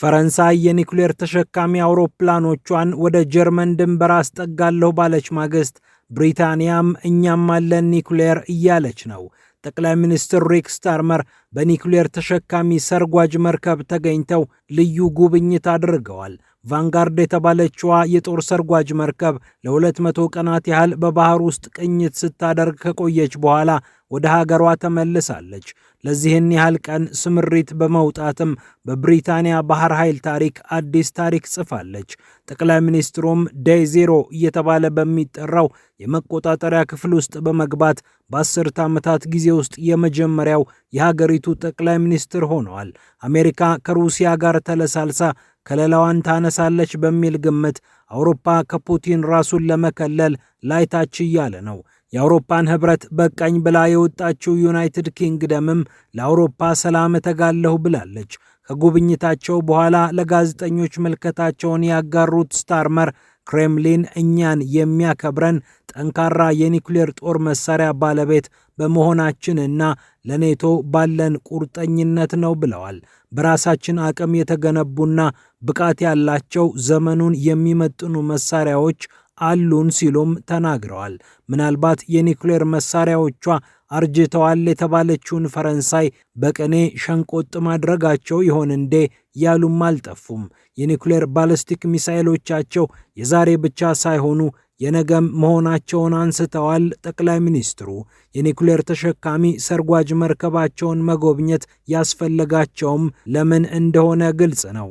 ፈረንሳይ የኒውክሌር ተሸካሚ አውሮፕላኖቿን ወደ ጀርመን ድንበር አስጠጋለሁ ባለች ማግስት ብሪታንያም እኛም አለን ኒውክሌር እያለች ነው። ጠቅላይ ሚኒስትር ሪክ ስታርመር በኒውክሌር ተሸካሚ ሰርጓጅ መርከብ ተገኝተው ልዩ ጉብኝት አድርገዋል። ቫንጋርድ የተባለችዋ የጦር ሰርጓጅ መርከብ ለ200 ቀናት ያህል በባህር ውስጥ ቅኝት ስታደርግ ከቆየች በኋላ ወደ ሀገሯ ተመልሳለች። ለዚህን ያህል ቀን ስምሪት በመውጣትም በብሪታንያ ባህር ኃይል ታሪክ አዲስ ታሪክ ጽፋለች። ጠቅላይ ሚኒስትሩም ዴይ ዜሮ እየተባለ በሚጠራው የመቆጣጠሪያ ክፍል ውስጥ በመግባት በአስርተ ዓመታት ጊዜ ውስጥ የመጀመሪያው የሀገሪቱ ጠቅላይ ሚኒስትር ሆነዋል። አሜሪካ ከሩሲያ ጋር ተለሳልሳ ከለላዋን ታነሳለች በሚል ግምት አውሮፓ ከፑቲን ራሱን ለመከለል ላይታች እያለ ነው። የአውሮፓን ህብረት በቃኝ ብላ የወጣችው ዩናይትድ ኪንግደምም ለአውሮፓ ሰላም እተጋለሁ ብላለች። ከጉብኝታቸው በኋላ ለጋዜጠኞች ምልከታቸውን ያጋሩት ስታርመር ክሬምሊን እኛን የሚያከብረን ጠንካራ የኒውክሌር ጦር መሳሪያ ባለቤት በመሆናችን እና ለኔቶ ባለን ቁርጠኝነት ነው ብለዋል። በራሳችን አቅም የተገነቡና ብቃት ያላቸው ዘመኑን የሚመጥኑ መሳሪያዎች አሉን ሲሉም ተናግረዋል። ምናልባት የኒውክሌር መሳሪያዎቿ አርጅተዋል የተባለችውን ፈረንሳይ በቅኔ ሸንቆጥ ማድረጋቸው ይሆን እንዴ ያሉም አልጠፉም። የኒውክሌር ባለስቲክ ሚሳኤሎቻቸው የዛሬ ብቻ ሳይሆኑ የነገም መሆናቸውን አንስተዋል ጠቅላይ ሚኒስትሩ። የኒውክሌር ተሸካሚ ሰርጓጅ መርከባቸውን መጎብኘት ያስፈለጋቸውም ለምን እንደሆነ ግልጽ ነው።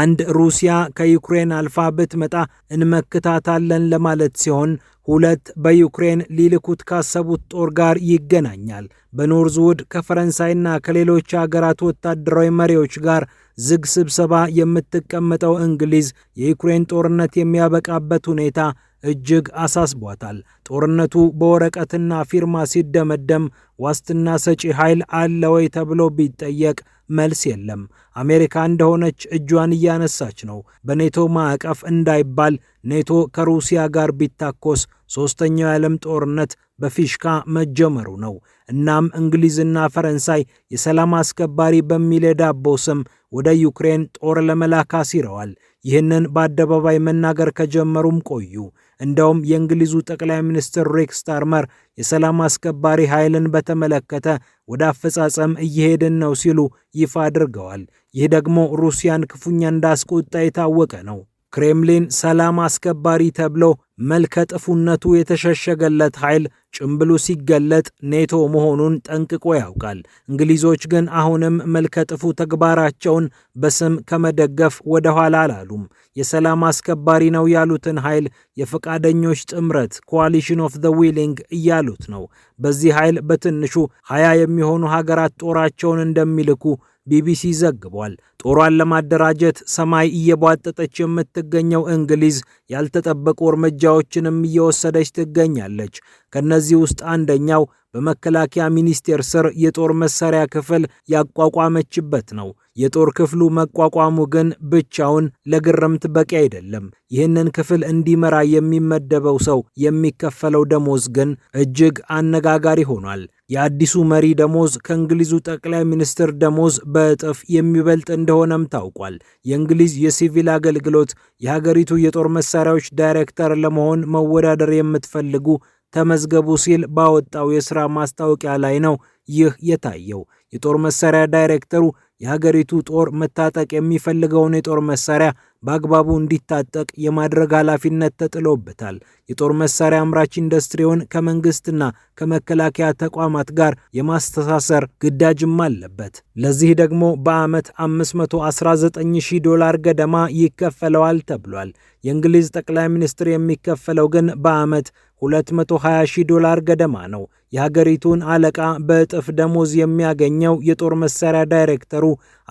አንድ ሩሲያ ከዩክሬን አልፋ ብትመጣ እንመክታታለን ለማለት ሲሆን ሁለት በዩክሬን ሊልኩት ካሰቡት ጦር ጋር ይገናኛል። በኖርዝውድ ከፈረንሳይና ከሌሎች አገራት ወታደራዊ መሪዎች ጋር ዝግ ስብሰባ የምትቀመጠው እንግሊዝ የዩክሬን ጦርነት የሚያበቃበት ሁኔታ እጅግ አሳስቧታል። ጦርነቱ በወረቀትና ፊርማ ሲደመደም ዋስትና ሰጪ ኃይል አለ ወይ ተብሎ ቢጠየቅ መልስ የለም። አሜሪካ እንደሆነች እጇን እያነሳች ነው። በኔቶ ማዕቀፍ እንዳይባል ኔቶ ከሩሲያ ጋር ቢታኮስ ሦስተኛው የዓለም ጦርነት በፊሽካ መጀመሩ ነው። እናም እንግሊዝና ፈረንሳይ የሰላም አስከባሪ በሚል የዳቦ ስም ወደ ዩክሬን ጦር ለመላክ አሲረዋል። ይህንን በአደባባይ መናገር ከጀመሩም ቆዩ። እንደውም የእንግሊዙ ጠቅላይ ሚኒስትር ሬክ ስታርመር የሰላም አስከባሪ ኃይልን በተመለከተ ወደ አፈጻጸም እየሄድን ነው ሲሉ ይፋ አድርገዋል። ይህ ደግሞ ሩሲያን ክፉኛ እንዳስቆጣ የታወቀ ነው። ክሬምሊን ሰላም አስከባሪ ተብሎ መልከ ጥፉነቱ የተሸሸገለት ኃይል ጭምብሉ ሲገለጥ ኔቶ መሆኑን ጠንቅቆ ያውቃል። እንግሊዞች ግን አሁንም መልከ ጥፉ ተግባራቸውን በስም ከመደገፍ ወደ ኋላ አላሉም። የሰላም አስከባሪ ነው ያሉትን ኃይል የፈቃደኞች ጥምረት ኮዋሊሽን ኦፍ ዘ ዊሊንግ እያሉት ነው። በዚህ ኃይል በትንሹ ሀያ የሚሆኑ ሀገራት ጦራቸውን እንደሚልኩ ቢቢሲ ዘግቧል። ጦሯን ለማደራጀት ሰማይ እየቧጠጠች የምትገኘው እንግሊዝ ያልተጠበቁ እርምጃዎችንም እየወሰደች ትገኛለች። ከነዚህ ውስጥ አንደኛው በመከላከያ ሚኒስቴር ስር የጦር መሳሪያ ክፍል ያቋቋመችበት ነው። የጦር ክፍሉ መቋቋሙ ግን ብቻውን ለግርምት በቂ አይደለም። ይህንን ክፍል እንዲመራ የሚመደበው ሰው የሚከፈለው ደሞዝ ግን እጅግ አነጋጋሪ ሆኗል። የአዲሱ መሪ ደሞዝ ከእንግሊዙ ጠቅላይ ሚኒስትር ደሞዝ በእጥፍ የሚበልጥ እንደሆነም ታውቋል። የእንግሊዝ የሲቪል አገልግሎት የሀገሪቱ የጦር መሳሪያዎች ዳይሬክተር ለመሆን መወዳደር የምትፈልጉ ተመዝገቡ ሲል ባወጣው የሥራ ማስታወቂያ ላይ ነው ይህ የታየው። የጦር መሳሪያ ዳይሬክተሩ የሀገሪቱ ጦር መታጠቅ የሚፈልገውን የጦር መሳሪያ በአግባቡ እንዲታጠቅ የማድረግ ኃላፊነት ተጥሎበታል። የጦር መሳሪያ አምራች ኢንዱስትሪውን ከመንግስትና ከመከላከያ ተቋማት ጋር የማስተሳሰር ግዳጅም አለበት። ለዚህ ደግሞ በዓመት 519 ዶላር ገደማ ይከፈለዋል ተብሏል። የእንግሊዝ ጠቅላይ ሚኒስትር የሚከፈለው ግን በዓመት 220 ሺህ ዶላር ገደማ ነው። የሀገሪቱን አለቃ በእጥፍ ደሞዝ የሚያገኘው የጦር መሳሪያ ዳይሬክተሩ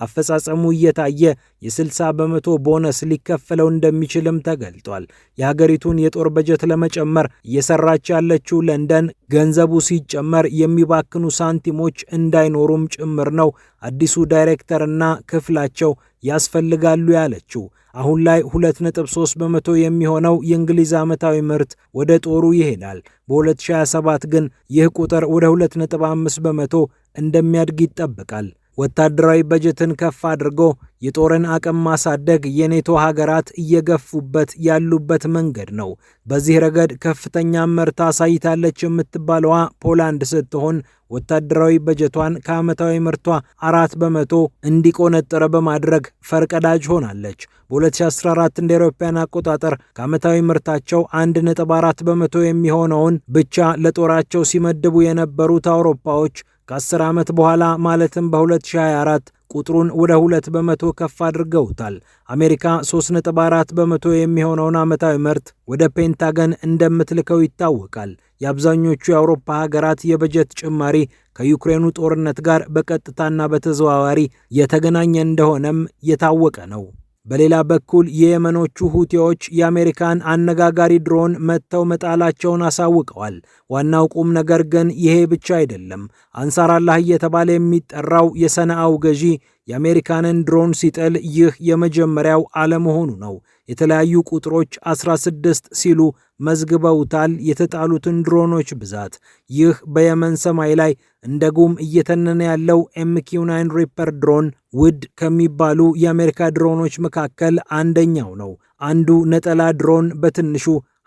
አፈጻጸሙ እየታየ የ60 በመቶ ቦነስ ሊከፈለው እንደሚችልም ተገልጧል። የሀገሪቱን የጦር በጀት ለመጨመር እየሰራች ያለችው ለንደን ገንዘቡ ሲጨመር የሚባክኑ ሳንቲሞች እንዳይኖሩም ጭምር ነው አዲሱ ዳይሬክተርና ክፍላቸው ያስፈልጋሉ ያለችው። አሁን ላይ 2.3 በመቶ የሚሆነው የእንግሊዝ ዓመታዊ ምርት ወደ ጦሩ ይሄዳል። በ2027 ግን ይህ ቁጥር ወደ 2.5 በመቶ እንደሚያድግ ይጠበቃል። ወታደራዊ በጀትን ከፍ አድርጎ የጦርን አቅም ማሳደግ የኔቶ ሀገራት እየገፉበት ያሉበት መንገድ ነው። በዚህ ረገድ ከፍተኛ እመርታ አሳይታለች የምትባለዋ ፖላንድ ስትሆን ወታደራዊ በጀቷን ከዓመታዊ ምርቷ አራት በመቶ እንዲቆነጠረ በማድረግ ፈርቀዳጅ ሆናለች። በ2014 እንደ አውሮፓውያን አቆጣጠር ከዓመታዊ ምርታቸው 1.4 በመቶ የሚሆነውን ብቻ ለጦራቸው ሲመድቡ የነበሩት አውሮፓዎች ከ10 ዓመት በኋላ ማለትም በ2024 ቁጥሩን ወደ 2 በመቶ ከፍ አድርገውታል። አሜሪካ 3.4 በመቶ የሚሆነውን ዓመታዊ ምርት ወደ ፔንታገን እንደምትልከው ይታወቃል። የአብዛኞቹ የአውሮፓ ሀገራት የበጀት ጭማሪ ከዩክሬኑ ጦርነት ጋር በቀጥታና በተዘዋዋሪ የተገናኘ እንደሆነም የታወቀ ነው። በሌላ በኩል የየመኖቹ ሁቲዎች የአሜሪካን አነጋጋሪ ድሮን መጥተው መጣላቸውን አሳውቀዋል። ዋናው ቁም ነገር ግን ይሄ ብቻ አይደለም። አንሳር አላህ እየተባለ የሚጠራው የሰነአው ገዢ የአሜሪካንን ድሮን ሲጥል ይህ የመጀመሪያው አለመሆኑ ነው። የተለያዩ ቁጥሮች 16 ሲሉ መዝግበውታል የተጣሉትን ድሮኖች ብዛት። ይህ በየመን ሰማይ ላይ እንደ ጉም እየተነነ ያለው ኤምኪው 9 ሪፐር ድሮን ውድ ከሚባሉ የአሜሪካ ድሮኖች መካከል አንደኛው ነው። አንዱ ነጠላ ድሮን በትንሹ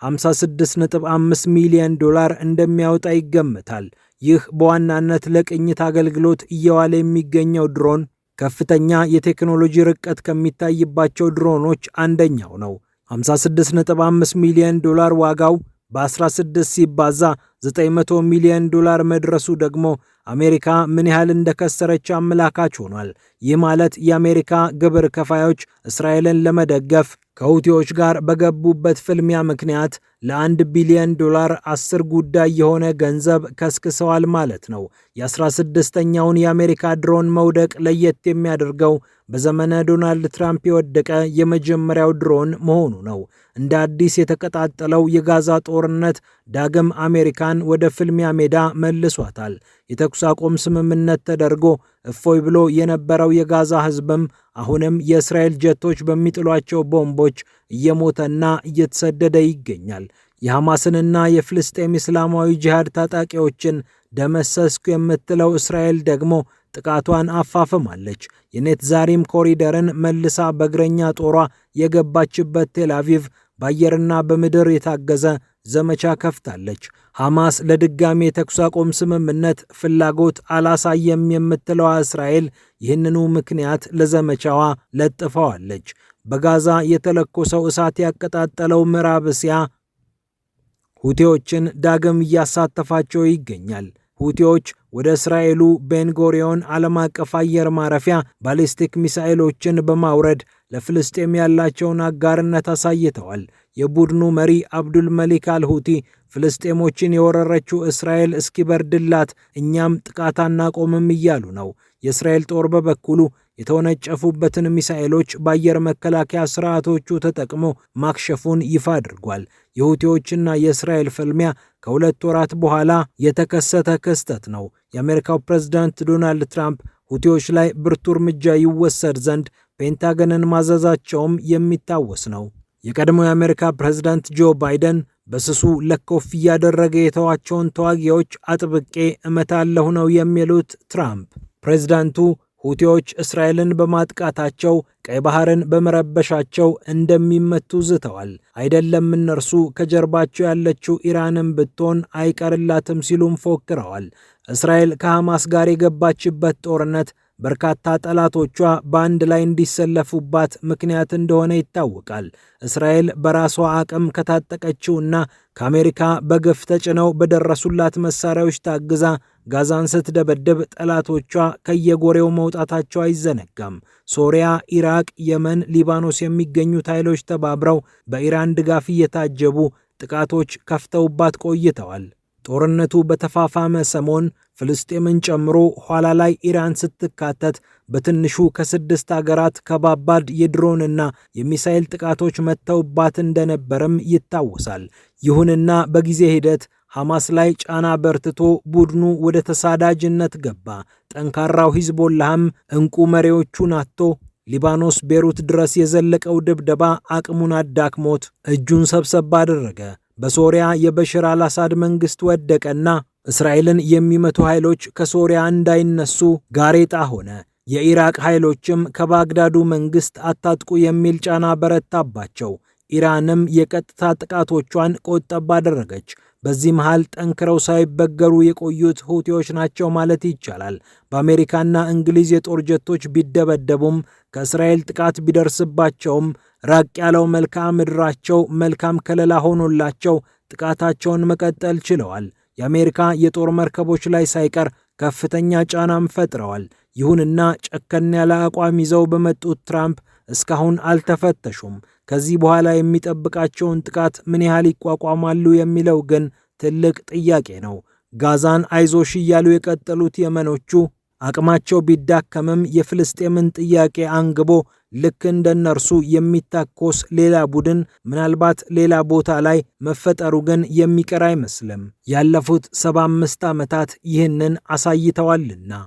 56.5 ሚሊዮን ዶላር እንደሚያወጣ ይገመታል። ይህ በዋናነት ለቅኝት አገልግሎት እየዋለ የሚገኘው ድሮን ከፍተኛ የቴክኖሎጂ ርቀት ከሚታይባቸው ድሮኖች አንደኛው ነው። 56.5 ሚሊዮን ዶላር ዋጋው በ16 ሲባዛ 900 ሚሊዮን ዶላር መድረሱ ደግሞ አሜሪካ ምን ያህል እንደከሰረች አመላካች ሆኗል። ይህ ማለት የአሜሪካ ግብር ከፋዮች እስራኤልን ለመደገፍ ከሁቲዎች ጋር በገቡበት ፍልሚያ ምክንያት ለአንድ ቢሊዮን ዶላር አስር ጉዳይ የሆነ ገንዘብ ከስክሰዋል ማለት ነው። የ16ኛውን የአሜሪካ ድሮን መውደቅ ለየት የሚያደርገው በዘመነ ዶናልድ ትራምፕ የወደቀ የመጀመሪያው ድሮን መሆኑ ነው። እንደ አዲስ የተቀጣጠለው የጋዛ ጦርነት ዳግም አሜሪካን ወደ ፍልሚያ ሜዳ መልሷታል። የተኩስ አቁም ስምምነት ተደርጎ እፎይ ብሎ የነበረው የጋዛ ሕዝብም አሁንም የእስራኤል ጀቶች በሚጥሏቸው ቦምቦች እየሞተና እየተሰደደ ይገኛል። የሐማስንና የፍልስጤም እስላማዊ ጂሃድ ታጣቂዎችን ደመሰስኩ የምትለው እስራኤል ደግሞ ጥቃቷን አፋፍማለች። የኔትዛሪም ኮሪደርን መልሳ በእግረኛ ጦሯ የገባችበት ቴል አቪቭ በአየርና በምድር የታገዘ ዘመቻ ከፍታለች። ሐማስ ለድጋሚ የተኩስ አቁም ስምምነት ፍላጎት አላሳየም የምትለዋ እስራኤል ይህንኑ ምክንያት ለዘመቻዋ ለጥፈዋለች። በጋዛ የተለኮሰው እሳት ያቀጣጠለው ምዕራብ እስያ ሁቴዎችን ዳግም እያሳተፋቸው ይገኛል። ሁቴዎች ወደ እስራኤሉ ቤንጎሪዮን ዓለም አቀፍ አየር ማረፊያ ባሊስቲክ ሚሳኤሎችን በማውረድ ለፍልስጤም ያላቸውን አጋርነት አሳይተዋል። የቡድኑ መሪ አብዱል መሊክ አልሁቲ ፍልስጤሞችን የወረረችው እስራኤል እስኪበርድላት እኛም ጥቃት አናቆምም እያሉ ነው። የእስራኤል ጦር በበኩሉ የተወነጨፉበትን ሚሳኤሎች በአየር መከላከያ ስርዓቶቹ ተጠቅሞ ማክሸፉን ይፋ አድርጓል። የሁቲዎችና የእስራኤል ፍልሚያ ከሁለት ወራት በኋላ የተከሰተ ክስተት ነው። የአሜሪካው ፕሬዝዳንት ዶናልድ ትራምፕ ሁቲዎች ላይ ብርቱ እርምጃ ይወሰድ ዘንድ ፔንታገንን ማዘዛቸውም የሚታወስ ነው። የቀድሞ የአሜሪካ ፕሬዝዳንት ጆ ባይደን በስሱ ለኮፍ እያደረገ የተዋቸውን ተዋጊዎች አጥብቄ እመታለሁ ነው የሚሉት ትራምፕ ፕሬዝዳንቱ ሁቲዎች እስራኤልን በማጥቃታቸው ቀይ ባህርን በመረበሻቸው እንደሚመቱ ዝተዋል። አይደለም እነርሱ ከጀርባቸው ያለችው ኢራንን ብትሆን አይቀርላትም ሲሉም ፎክረዋል። እስራኤል ከሐማስ ጋር የገባችበት ጦርነት በርካታ ጠላቶቿ በአንድ ላይ እንዲሰለፉባት ምክንያት እንደሆነ ይታወቃል። እስራኤል በራሷ አቅም ከታጠቀችውና ከአሜሪካ በገፍ ተጭነው በደረሱላት መሳሪያዎች ታግዛ ጋዛን ስትደበድብ ጠላቶቿ ከየጎሬው መውጣታቸው አይዘነጋም። ሶሪያ፣ ኢራቅ፣ የመን፣ ሊባኖስ የሚገኙት ኃይሎች ተባብረው በኢራን ድጋፍ እየታጀቡ ጥቃቶች ከፍተውባት ቆይተዋል። ጦርነቱ በተፋፋመ ሰሞን ፍልስጤምን ጨምሮ ኋላ ላይ ኢራን ስትካተት በትንሹ ከስድስት አገራት ከባባድ የድሮንና የሚሳኤል ጥቃቶች መጥተውባት እንደነበረም ይታወሳል። ይሁንና በጊዜ ሂደት ሐማስ ላይ ጫና በርትቶ ቡድኑ ወደ ተሳዳጅነት ገባ። ጠንካራው ሂዝቦላህም እንቁ መሪዎቹን አጥቶ ሊባኖስ ቤሩት ድረስ የዘለቀው ድብደባ አቅሙን አዳክሞት እጁን ሰብሰብ አደረገ። በሶሪያ የበሽር አልአሳድ መንግሥት ወደቀና እስራኤልን የሚመቱ ኃይሎች ከሶሪያ እንዳይነሱ ጋሬጣ ሆነ። የኢራቅ ኃይሎችም ከባግዳዱ መንግሥት አታጥቁ የሚል ጫና በረታባቸው። ኢራንም የቀጥታ ጥቃቶቿን ቆጠብ አደረገች። በዚህ መሃል ጠንክረው ሳይበገሩ የቆዩት ሁቲዎች ናቸው ማለት ይቻላል። በአሜሪካና እንግሊዝ የጦር ጀቶች ቢደበደቡም ከእስራኤል ጥቃት ቢደርስባቸውም ራቅ ያለው መልክዓ ምድራቸው መልካም ከለላ ሆኖላቸው ጥቃታቸውን መቀጠል ችለዋል። የአሜሪካ የጦር መርከቦች ላይ ሳይቀር ከፍተኛ ጫናም ፈጥረዋል። ይሁንና ጨከን ያለ አቋም ይዘው በመጡት ትራምፕ እስካሁን አልተፈተሹም። ከዚህ በኋላ የሚጠብቃቸውን ጥቃት ምን ያህል ይቋቋማሉ የሚለው ግን ትልቅ ጥያቄ ነው። ጋዛን አይዞሽ እያሉ የቀጠሉት የመኖቹ አቅማቸው ቢዳከምም የፍልስጤምን ጥያቄ አንግቦ ልክ እንደ እነርሱ የሚታኮስ ሌላ ቡድን ምናልባት ሌላ ቦታ ላይ መፈጠሩ ግን የሚቀር አይመስልም። ያለፉት 75 ዓመታት ይህንን አሳይተዋልና